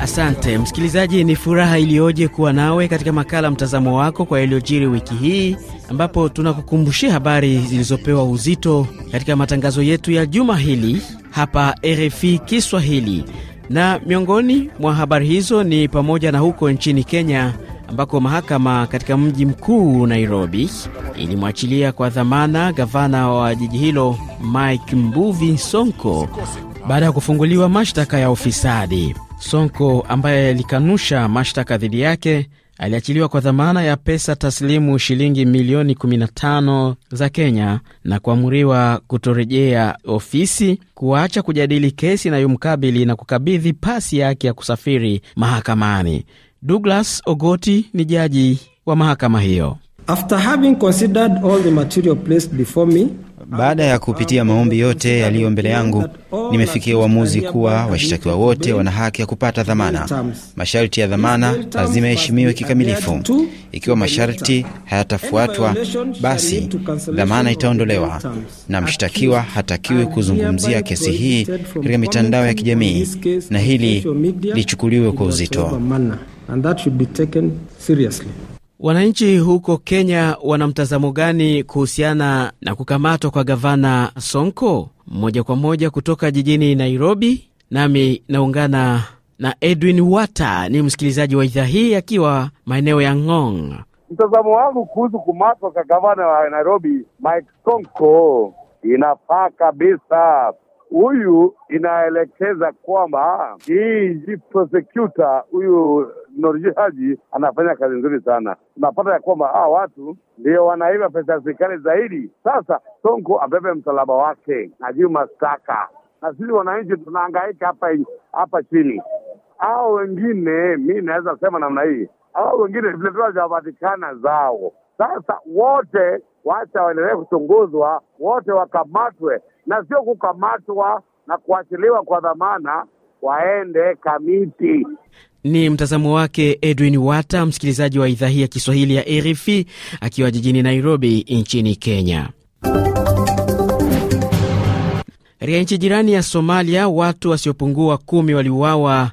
Asante msikilizaji, ni furaha iliyoje kuwa nawe katika makala mtazamo wako kwa yaliyojiri wiki hii, ambapo tunakukumbushia habari zilizopewa uzito katika matangazo yetu ya juma hili hapa RFI Kiswahili, na miongoni mwa habari hizo ni pamoja na huko nchini Kenya ambako mahakama katika mji mkuu Nairobi ilimwachilia kwa dhamana gavana wa jiji hilo Mike Mbuvi Sonko baada ya kufunguliwa mashtaka ya ufisadi. Sonko ambaye alikanusha mashtaka dhidi yake aliachiliwa kwa dhamana ya pesa taslimu shilingi milioni 15 za Kenya na kuamuriwa kutorejea ofisi, kuacha kujadili kesi inayomkabili na kukabidhi pasi yake ya kusafiri mahakamani. Douglas Ogoti ni jaji wa mahakama hiyo. After having considered all the material placed before me, baada ya kupitia maombi yote yaliyo mbele yangu, nimefikia uamuzi kuwa washitakiwa wote wana haki ya kupata dhamana. Masharti ya dhamana lazima yaheshimiwe kikamilifu. Ikiwa masharti hayatafuatwa, basi dhamana itaondolewa, na mshtakiwa hatakiwi kuzungumzia kesi hii katika mitandao ya kijamii, na hili lichukuliwe kwa uzito and that should be taken seriously. Wananchi huko Kenya wana mtazamo gani kuhusiana na kukamatwa kwa gavana Sonko? Moja kwa moja kutoka jijini Nairobi, nami naungana na Edwin Wata, ni msikilizaji wa idhaa hii akiwa maeneo ya Ngong. Mtazamo wangu kuhusu kumatwa kwa gavana wa Nairobi Mike Sonko, inafaa kabisa huyu inaelekeza kwamba hii prosecutor huyu Haji anafanya kazi nzuri sana. Tunapata ya kwamba hawa watu ndio wanaiba pesa ya serikali zaidi. Sasa Sonko abebe msalaba wake na juu mastaka na sisi wananchi tunahangaika hapa hapa chini. Hao wengine, mi naweza sema namna hii, hao wengine viletua hawapatikana zao. Sasa wote wacha waendelee kuchunguzwa, wote wakamatwe, na sio kukamatwa na kuachiliwa kwa dhamana waende Kamiti. Ni mtazamo wake Edwin Wata, msikilizaji wa idhaa hii ya Kiswahili ya RFI akiwa jijini Nairobi nchini Kenya. Katika nchi jirani ya Somalia, watu wasiopungua kumi waliuawa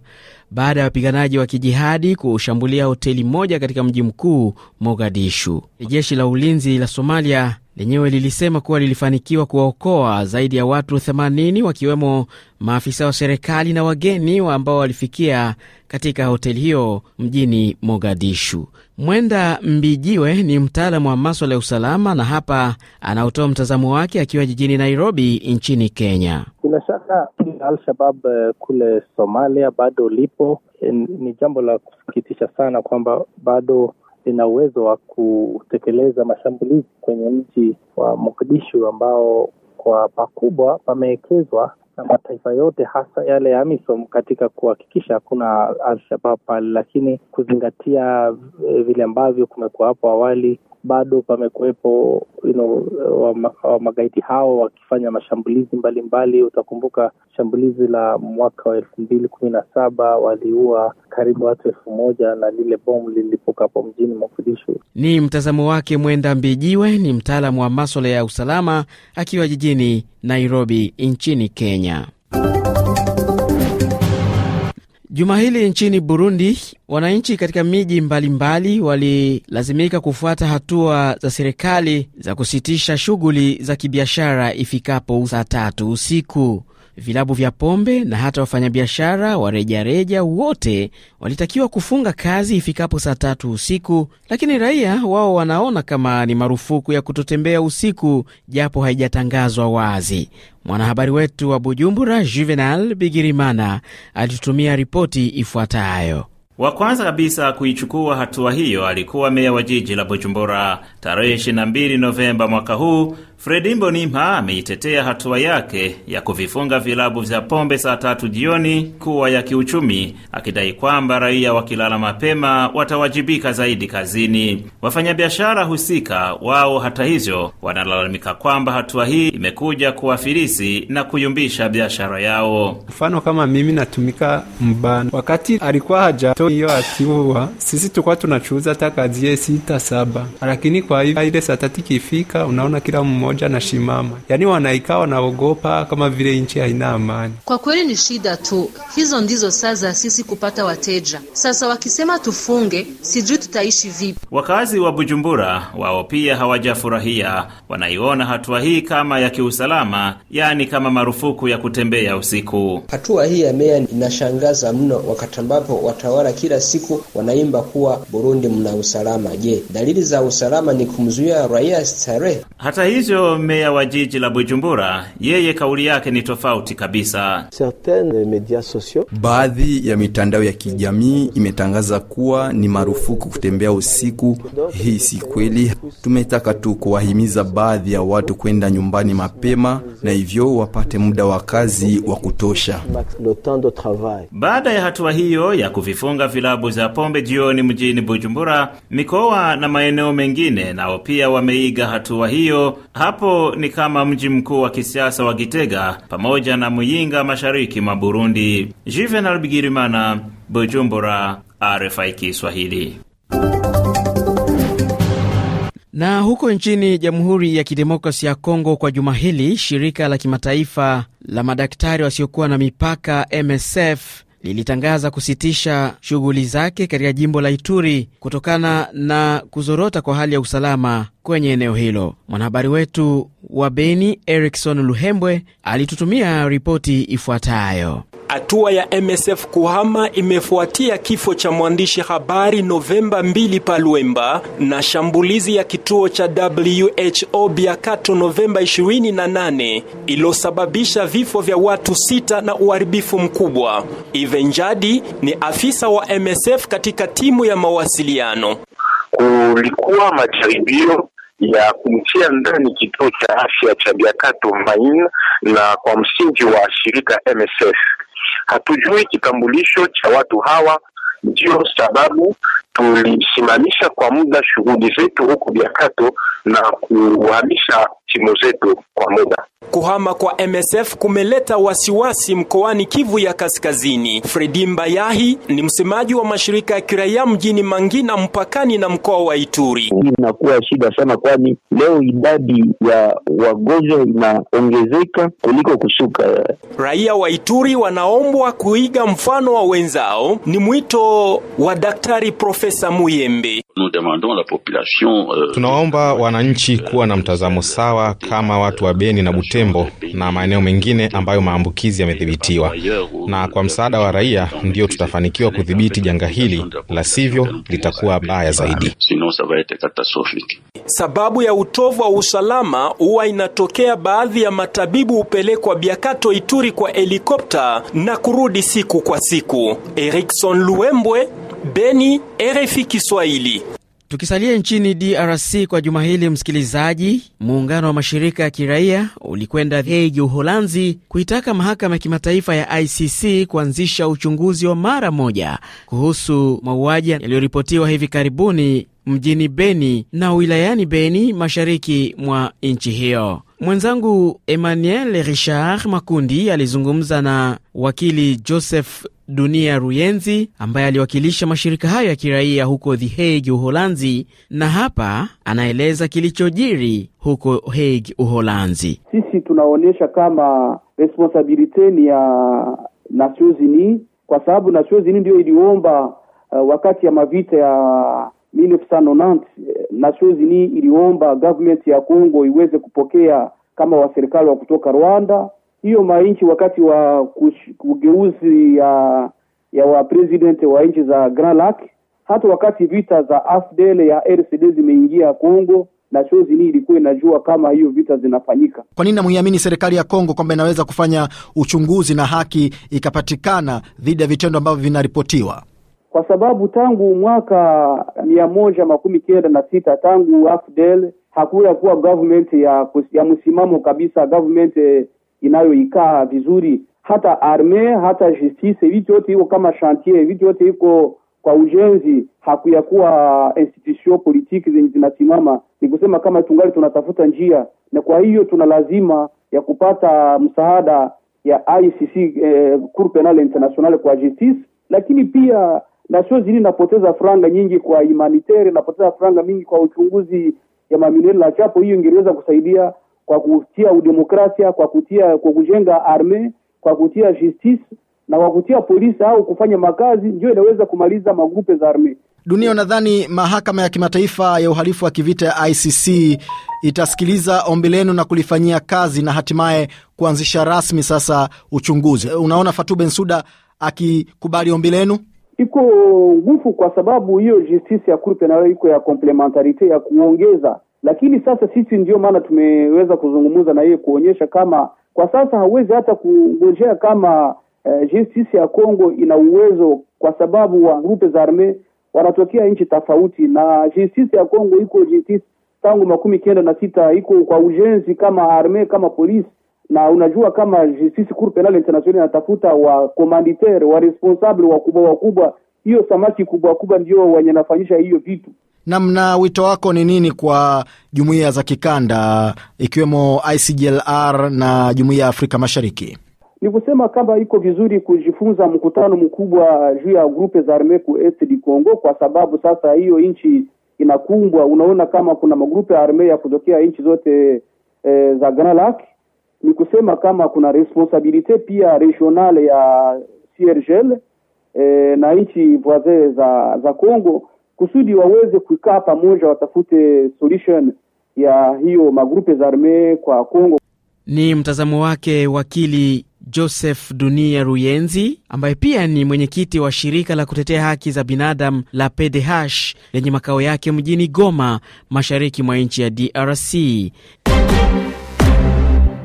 baada ya wapiganaji wa kijihadi kushambulia hoteli moja katika mji mkuu Mogadishu. Jeshi la ulinzi la Somalia lenyewe lilisema kuwa lilifanikiwa kuwaokoa zaidi ya watu 80 wakiwemo maafisa wa serikali na wageni wa ambao walifikia katika hoteli hiyo mjini Mogadishu. Mwenda Mbijiwe ni mtaalamu wa maswala ya usalama na hapa anaotoa mtazamo wake akiwa jijini Nairobi nchini Kenya. Bila shaka Al-Shabab eh, kule Somalia bado lipo. Eh, ni jambo la kusikitisha sana kwamba bado ina uwezo wa kutekeleza mashambulizi kwenye mji wa Mogadishu ambao kwa pakubwa pamewekezwa na mataifa yote hasa yale ya AMISOM katika kuhakikisha hakuna Alshabab pale, lakini kuzingatia eh, vile ambavyo kumekuwa hapo awali bado pamekuwepo you know, magaidi hao wakifanya mashambulizi mbalimbali mbali. Utakumbuka shambulizi la mwaka wa elfu mbili kumi na saba waliua karibu watu elfu moja na lile bomu lilipuka hapo mjini Mogadishu. Ni mtazamo wake Mwenda Mbijiwe, ni mtaalamu wa maswala ya usalama akiwa jijini Nairobi nchini Kenya. Juma hili nchini Burundi, wananchi katika miji mbalimbali walilazimika kufuata hatua za serikali za kusitisha shughuli za kibiashara ifikapo saa tatu usiku vilabu vya pombe na hata wafanyabiashara wa rejareja wote walitakiwa kufunga kazi ifikapo saa tatu usiku, lakini raia wao wanaona kama ni marufuku ya kutotembea usiku, japo haijatangazwa wazi. Mwanahabari wetu wa Bujumbura, Juvenal Bigirimana, alitutumia ripoti ifuatayo. Wa kwanza kabisa kuichukua hatua hiyo alikuwa meya wa jiji la Bujumbura tarehe 22 Novemba mwaka huu Fredimbo Nimha ameitetea hatua yake ya kuvifunga vilabu vya pombe saa tatu jioni kuwa ya kiuchumi, akidai kwamba raia wakilala mapema watawajibika zaidi kazini. Wafanyabiashara husika wao, hata hivyo, wanalalamika kwamba hatua hii imekuja kuwafilisi na kuyumbisha biashara yao. Mfano kama mimi natumika mbana, wakati alikuwa hajato hiyo atiua, sisi tulikuwa tunachuuza hata sita saba, lakini kwa hiyo ile saa tatu ikifika, unaona kila mmoja moja na shimama, yaani wanaikaa wanaogopa kama vile nchi haina amani. Kwa kweli ni shida tu, hizo ndizo saa za sisi kupata wateja. Sasa wakisema tufunge, sijui tutaishi vipi. Wakazi wa Bujumbura wao pia hawajafurahia, wanaiona hatua hii kama ya kiusalama, yaani kama marufuku ya kutembea usiku. Hatua hii ya meya inashangaza mno, wakati ambapo watawala kila siku wanaimba kuwa Burundi mna usalama. Je, dalili za usalama ni kumzuia raia starehe? Hata hivyo huyo meya wa jiji la Bujumbura, yeye kauli yake ni tofauti kabisa. Baadhi ya mitandao ya kijamii imetangaza kuwa ni marufuku kutembea usiku. Hii si kweli. Tumetaka tu kuwahimiza baadhi ya watu kwenda nyumbani mapema, na hivyo wapate muda wa kazi wa kutosha. Baada ya hatua hiyo ya kuvifunga vilabu za pombe jioni mjini Bujumbura, mikoa na maeneo mengine nao pia wameiga hatua hiyo hapo ni kama mji mkuu wa kisiasa wa Gitega pamoja na Muyinga mashariki mwa Burundi. Juvenal Bigirimana, Bujumbura, RFI Kiswahili. Na huko nchini Jamhuri ya Kidemokrasi ya Kongo, kwa juma hili shirika la kimataifa la madaktari wasiokuwa na mipaka MSF lilitangaza kusitisha shughuli zake katika jimbo la Ituri kutokana na kuzorota kwa hali ya usalama kwenye eneo hilo. Mwanahabari wetu wa Beni Erikson Luhembwe alitutumia ripoti ifuatayo. Hatua ya MSF kuhama imefuatia kifo cha mwandishi habari Novemba 2 Palwemba na shambulizi ya kituo cha WHO Biakato Novemba 28 ilosababisha vifo vya watu sita na uharibifu mkubwa. Ivenjadi ni afisa wa MSF katika timu ya mawasiliano. Kulikuwa majaribio ya kumtia ndani kituo cha afya cha Biakato Main na kwa msingi wa shirika MSF Hatujui kitambulisho cha watu hawa, Ndio sababu tulisimamisha kwa muda shughuli zetu huku Biakato na kuhamisha timu zetu kwa muda. Kuhama kwa MSF kumeleta wasiwasi mkoani Kivu ya Kaskazini. Fredi Mbayahi ni msemaji wa mashirika ya kiraia mjini Mangina mpakani na mkoa wa Ituri. Hii inakuwa shida sana, kwani leo idadi ya wagonjwa inaongezeka kuliko kushuka. Raia wa Ituri wanaombwa kuiga mfano wa wenzao. Ni mwito wa Daktari Prof Profesa Muyembe. Euh, Tunaomba wananchi kuwa na mtazamo sawa kama watu wa Beni na Butembo na maeneo mengine ambayo maambukizi yamedhibitiwa, na kwa msaada wa raia ndio tutafanikiwa kudhibiti janga hili, la sivyo litakuwa baya zaidi. Sababu ya utovu wa usalama huwa inatokea baadhi ya matabibu hupelekwa Biakato Ituri kwa helikopta na kurudi siku kwa siku. Erikson Luembwe Beni, RFI Kiswahili. Tukisalia nchini DRC kwa juma hili, msikilizaji, muungano wa mashirika ya kiraia ulikwenda The Hague, Uholanzi, kuitaka mahakama ya kimataifa ya ICC kuanzisha uchunguzi wa mara moja kuhusu mauaji yaliyoripotiwa hivi karibuni mjini Beni na wilayani Beni, mashariki mwa nchi hiyo. Mwenzangu Emmanuel Richard Makundi alizungumza na wakili Joseph Dunia Ruyenzi ambaye aliwakilisha mashirika hayo ya kiraia huko The Hague, Uholanzi, na hapa anaeleza kilichojiri huko Hague, Uholanzi. Sisi tunaonyesha kama responsabilite ni ya Nations Unies kwa sababu Nations Unies iliomba uh, wakati ya mavita ya 1990 eh, Nations Unies iliomba government ya Kongo iweze kupokea kama waserikali wa kutoka Rwanda. Hiyo mainchi wakati wa kugeuzi ya ya wa president wa nchi za Grand Lac, hata wakati vita za AFDL ya RCD zimeingia Kongo, chozi ni ilikuwa inajua kama hiyo vita zinafanyika. Kwa nini namuiamini serikali ya Kongo kwamba inaweza kufanya uchunguzi na haki ikapatikana dhidi ya vitendo ambavyo vinaripotiwa? kwa sababu tangu mwaka mia moja makumi kenda na sita tangu afdel hakuya kuwa government ya, ya msimamo kabisa, government eh, inayoikaa vizuri. Hata arme hata justice, vitu yote iko kama chantier, vitu yote iko kwa ujenzi. Hakuya kuwa eh, institution politiki zenye zinasimama, ni kusema kama tungali tunatafuta njia, na kwa hiyo tuna lazima ya kupata msaada ya ICC eh, Cour Penal International kwa justice, lakini pia na sio zili napoteza franga nyingi kwa humanitarian, napoteza franga mingi kwa uchunguzi ya mamilioni la chapo. Hiyo ingeweza kusaidia kwa kutia udemokrasia, kwa kutia kwa kujenga arme, kwa kutia justice na kwa kutia polisi au kufanya makazi, ndio inaweza kumaliza magrupe za arme dunia. Unadhani mahakama ya kimataifa ya uhalifu wa kivita ya ICC itasikiliza ombi lenu na kulifanyia kazi na hatimaye kuanzisha rasmi sasa uchunguzi? Unaona Fatou Bensouda akikubali ombi lenu? iko nguvu kwa sababu hiyo justice ya kurpe penal iko ya komplementarite ya kuongeza. Lakini sasa sisi ndio maana tumeweza kuzungumza na yeye kuonyesha kama kwa sasa hawezi hata kungojea kama uh, justice ya Kongo ina uwezo, kwa sababu wa grupe za arme wanatokea nchi tofauti, na justice ya Kongo iko justice tangu makumi kenda na sita iko kwa ujenzi kama arme kama polisi na unajua kama Justice Cour Penal International inatafuta wa commanditaire wa responsable wakubwa wakubwa, hiyo samaki kubwa kubwa ndio wenye nafanyisha hiyo vitu. Namna wito wako ni nini kwa jumuiya za kikanda ikiwemo ICGLR na jumuiya ya Afrika Mashariki? Ni kusema kama iko vizuri kujifunza mkutano mkubwa juu ya grupe za arme ku est di Congo, kwa sababu sasa hiyo nchi inakumbwa, unaona kama kuna magrupe ya arme ya kutokea nchi zote e, za Grand Lake ni kusema kama kuna responsabilite pia regional ya CIRGL e, eh, na nchi voisin za za Congo kusudi waweze kuikaa pamoja, watafute solution ya hiyo magrupe za arme kwa Congo. Ni mtazamo wake wakili Joseph Dunia Ruyenzi ambaye pia ni mwenyekiti wa shirika la kutetea haki za binadamu la PDH lenye makao yake mjini Goma, mashariki mwa nchi ya DRC.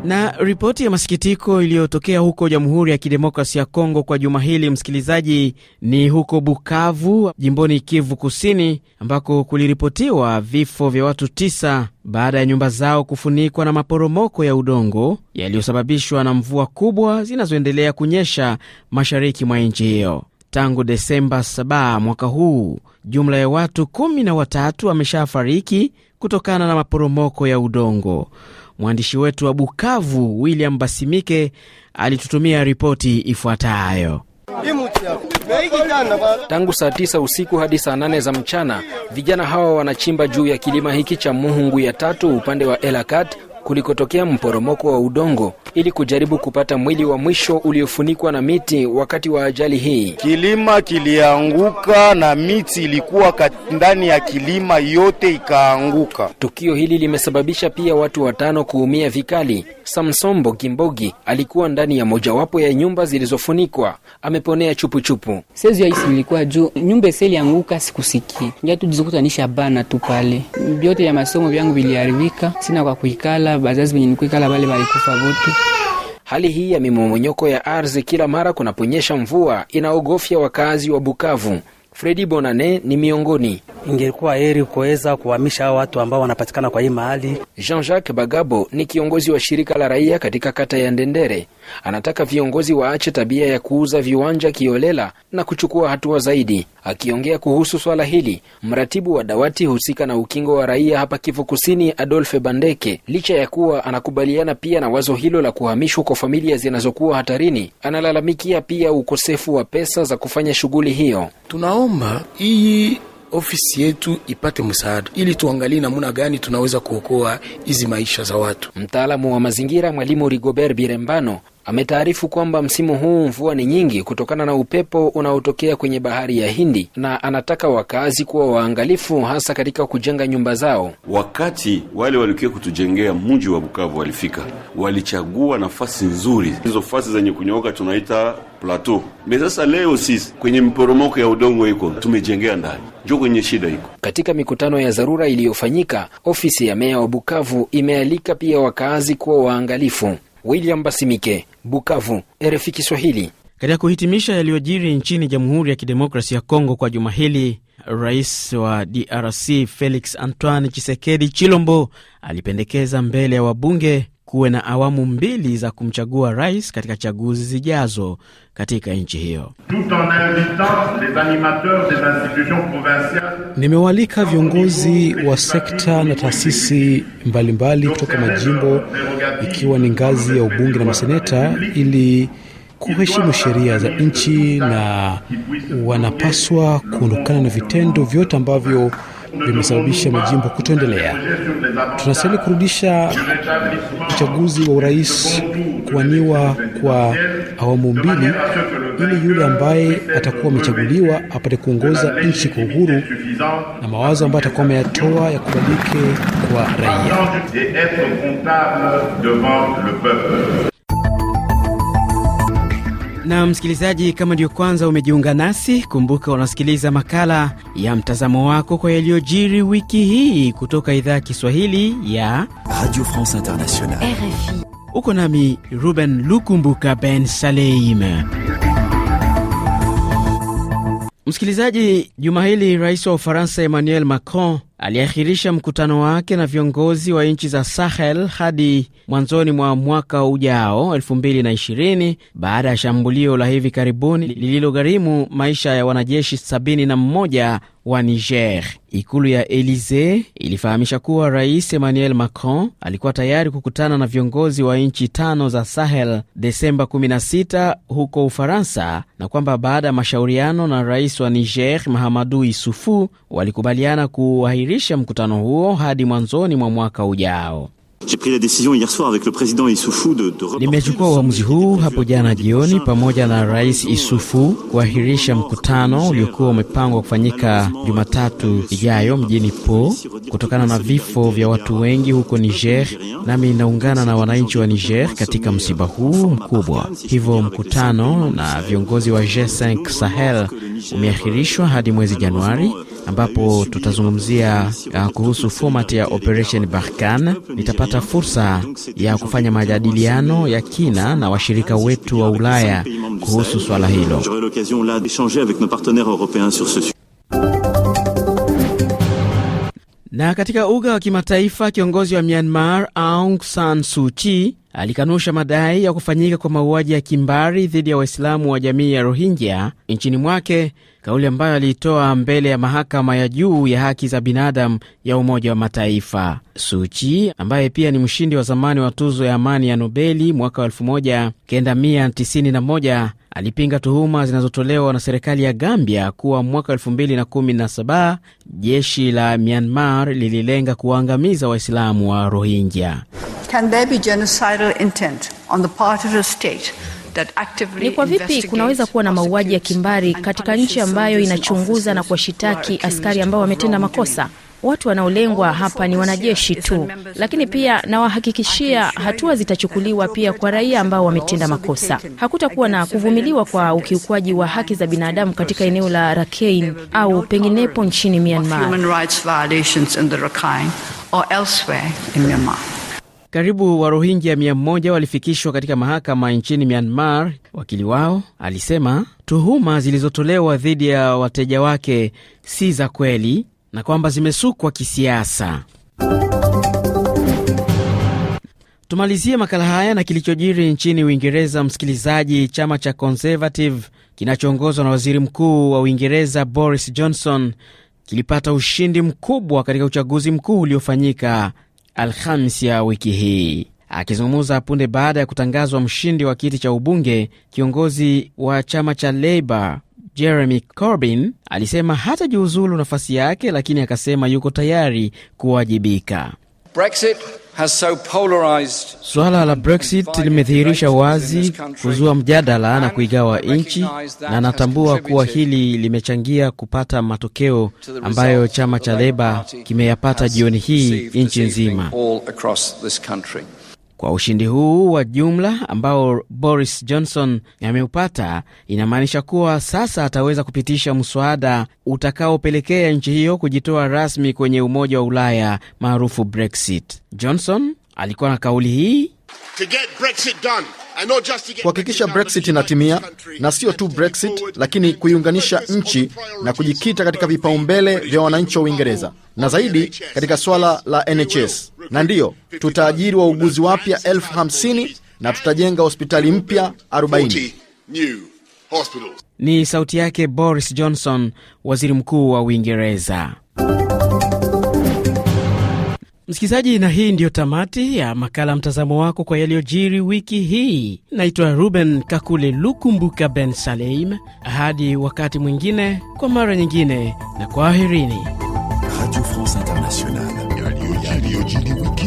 Na ripoti ya masikitiko iliyotokea huko Jamhuri ya kidemokrasi ya Kongo kwa juma hili, msikilizaji, ni huko Bukavu, jimboni Kivu Kusini, ambako kuliripotiwa vifo vya watu tisa baada ya nyumba zao kufunikwa na maporomoko ya udongo yaliyosababishwa na mvua kubwa zinazoendelea kunyesha mashariki mwa nchi hiyo. Tangu Desemba 7 mwaka huu, jumla ya watu 1 na watatu wameshafariki kutokana na maporomoko ya udongo. Mwandishi wetu wa Bukavu William Basimike alitutumia ripoti ifuatayo. Tangu saa tisa usiku hadi saa nane za mchana, vijana hawa wanachimba juu ya kilima hiki cha Muhungu ya tatu upande wa Elakat kulikotokea mporomoko wa udongo ili kujaribu kupata mwili wa mwisho uliofunikwa na miti wakati wa ajali hii. Kilima kilianguka na miti ilikuwa ndani ya kilima yote ikaanguka. Tukio hili limesababisha pia watu watano kuumia vikali. Samsombo Gimbogi alikuwa ndani ya mojawapo ya nyumba zilizofunikwa, ameponea chupuchupu. Sezi nilikuwa juu nyumba bana tu pale, vyote masomo vyangu viliharibika, sina kwa kuikala bazazi venye nikuikala vale valikufa vote. Hali hii ya mimomonyoko ya ardhi kila mara kunaponyesha mvua inaogofya wakazi wa Bukavu. Fredi Bonane ni miongoni ingekuwa heri kuweza kuhamisha hao watu ambao wanapatikana kwa hii mahali. Jean-Jacques Bagabo ni kiongozi wa shirika la raia katika kata ya Ndendere, anataka viongozi waache tabia ya kuuza viwanja kiolela na kuchukua hatua zaidi. Akiongea kuhusu swala hili, mratibu wa dawati husika na ukingo wa raia hapa Kivu Kusini, adolfe Bandeke, licha ya kuwa anakubaliana pia na wazo hilo la kuhamishwa kwa familia zinazokuwa hatarini, analalamikia pia ukosefu wa pesa za kufanya shughuli hiyo. Tunaomba hii ofisi yetu ipate msaada, ili tuangalie namna gani tunaweza kuokoa hizi maisha za watu. Mtaalamu wa mazingira Mwalimu Rigobert Birembano ametaarifu kwamba msimu huu mvua ni nyingi kutokana na upepo unaotokea kwenye bahari ya Hindi, na anataka wakazi kuwa waangalifu, hasa katika kujenga nyumba zao. Wakati wale walikuwa kutujengea mji wa Bukavu walifika, walichagua nafasi nzuri, hizo fasi zenye kunyooka tunaita plateau. Sasa leo sisi kwenye miporomoko ya udongo iko tumejengea ndani, njo kwenye shida iko. Katika mikutano ya dharura iliyofanyika, ofisi ya meya wa Bukavu imealika pia wakaazi kuwa waangalifu. William Basimike, Bukavu, RFI Kiswahili. Katika kuhitimisha yaliyojiri nchini Jamhuri ya Kidemokrasi ya Kongo kwa juma hili, Rais wa DRC Felix Antoine Chisekedi Chilombo alipendekeza mbele ya wabunge kuwe na awamu mbili za kumchagua rais katika chaguzi zijazo katika nchi hiyo. Nimewaalika viongozi wa sekta na taasisi mbalimbali kutoka majimbo, ikiwa ni ngazi ya ubunge na maseneta, ili kuheshimu sheria za nchi, na wanapaswa kuondokana na vitendo vyote ambavyo vimesababisha majimbo kutoendelea. Tunastahili kurudisha uchaguzi wa urais kuwaniwa kwa awamu mbili, ili yule ambaye atakuwa amechaguliwa apate kuongoza nchi kwa uhuru na mawazo ambayo atakuwa ameyatoa yakubalike kwa raia. Na msikilizaji, kama ndiyo kwanza umejiunga nasi, kumbuka unasikiliza makala ya mtazamo wako kwa yaliyojiri wiki hii kutoka idhaa ya Kiswahili ya Radio France international Uko nami Ruben Lukumbuka Ben Saleim. Msikilizaji, juma hili rais wa Ufaransa Emmanuel Macron aliahirisha mkutano wake na viongozi wa nchi za Sahel hadi mwanzoni mwa mwaka ujao 2020 baada ya shambulio la hivi karibuni lililogharimu maisha ya wanajeshi 71 wa Niger. Ikulu ya Elisee ilifahamisha kuwa Rais Emmanuel Macron alikuwa tayari kukutana na viongozi wa nchi tano za Sahel Desemba 16 huko Ufaransa, na kwamba baada ya mashauriano na rais wa Niger Mahamadu Isufu walikubaliana ku kuahirisha mkutano huo hadi mwanzoni mwa mwaka ujao. Nimechukua uamuzi huu hapo jana jioni pamoja na Rais euh, Isufu kuahirisha mkutano uliokuwa euh, umepangwa kufanyika Jumatatu euh, ijayo mjini Po kutokana na vifo vya watu wengi huko Niger, nami inaungana na wananchi wa Niger katika msiba huu mkubwa. Hivyo mkutano na viongozi wa G5 Sahel umeahirishwa hadi mwezi Januari ambapo tutazungumzia uh, kuhusu format ya Operation barkan Nitapata fursa ya kufanya majadiliano ya kina na washirika wetu wa Ulaya kuhusu swala hilo. Na katika uga wa kimataifa, kiongozi wa Myanmar Aung San suchi alikanusha madai ya kufanyika kwa mauaji ya kimbari dhidi ya Waislamu wa jamii ya Rohingya nchini mwake, kauli ambayo aliitoa mbele ya mahakama ya juu ya haki za binadamu ya Umoja wa Mataifa. Suchi ambaye pia ni mshindi wa zamani wa tuzo ya amani ya Nobeli mwaka wa 1991 alipinga tuhuma zinazotolewa na serikali ya Gambia kuwa mwaka 2017 jeshi la Myanmar lililenga kuwaangamiza Waislamu wa Rohingya. Can there be ni kwa vipi kunaweza kuwa na mauaji ya kimbari katika nchi ambayo inachunguza na kuwashitaki askari ambao wametenda makosa? Watu wanaolengwa hapa ni wanajeshi tu, lakini pia nawahakikishia hatua zitachukuliwa pia kwa raia ambao wametenda makosa. Hakutakuwa na kuvumiliwa kwa ukiukwaji wa haki za binadamu katika eneo la Rakhine au penginepo nchini Myanmar. Karibu Warohingya 1 walifikishwa katika mahakama nchini Myanmar. Wakili wao alisema tuhuma zilizotolewa dhidi ya wateja wake si za kweli na kwamba zimesukwa kisiasa. Tumalizie makala haya na kilichojiri nchini Uingereza. Msikilizaji, chama cha Conservative kinachoongozwa na waziri mkuu wa Uingereza Boris Johnson kilipata ushindi mkubwa katika uchaguzi mkuu uliofanyika Alhamis ya wiki hii. Akizungumza punde baada ya kutangazwa mshindi wa kiti cha ubunge, kiongozi wa chama cha Labour Jeremy Corbyn alisema hata juuzulu nafasi yake, lakini akasema yuko tayari kuwajibika. Brexit has so polarized... Suala la Brexit limedhihirisha wazi, kuzua mjadala na kuigawa nchi, na anatambua kuwa hili limechangia kupata matokeo ambayo chama cha Leba kimeyapata jioni hii nchi nzima. Kwa ushindi huu wa jumla ambao Boris Johnson ameupata, inamaanisha kuwa sasa ataweza kupitisha mswada utakaopelekea nchi hiyo kujitoa rasmi kwenye Umoja wa Ulaya maarufu Brexit. Johnson alikuwa na kauli hii kuhakikisha Brexit inatimia na sio tu Brexit, lakini kuiunganisha nchi na kujikita katika vipaumbele vya wananchi wa Uingereza na zaidi katika swala la NHS na ndiyo tutaajiri wauguzi wapya elfu na tutajenga hospitali mpya 40. Ni sauti yake Boris Johnson, waziri mkuu wa Uingereza. Msikilizaji, na hii ndiyo tamati ya makala mtazamo wako kwa yaliyojiri wiki hii. Naitwa Ruben Kakule Lukumbuka Ben Saleim. Hadi wakati mwingine, kwa mara nyingine, na kwaherini. Radio France Internationale. Oji the Wicked.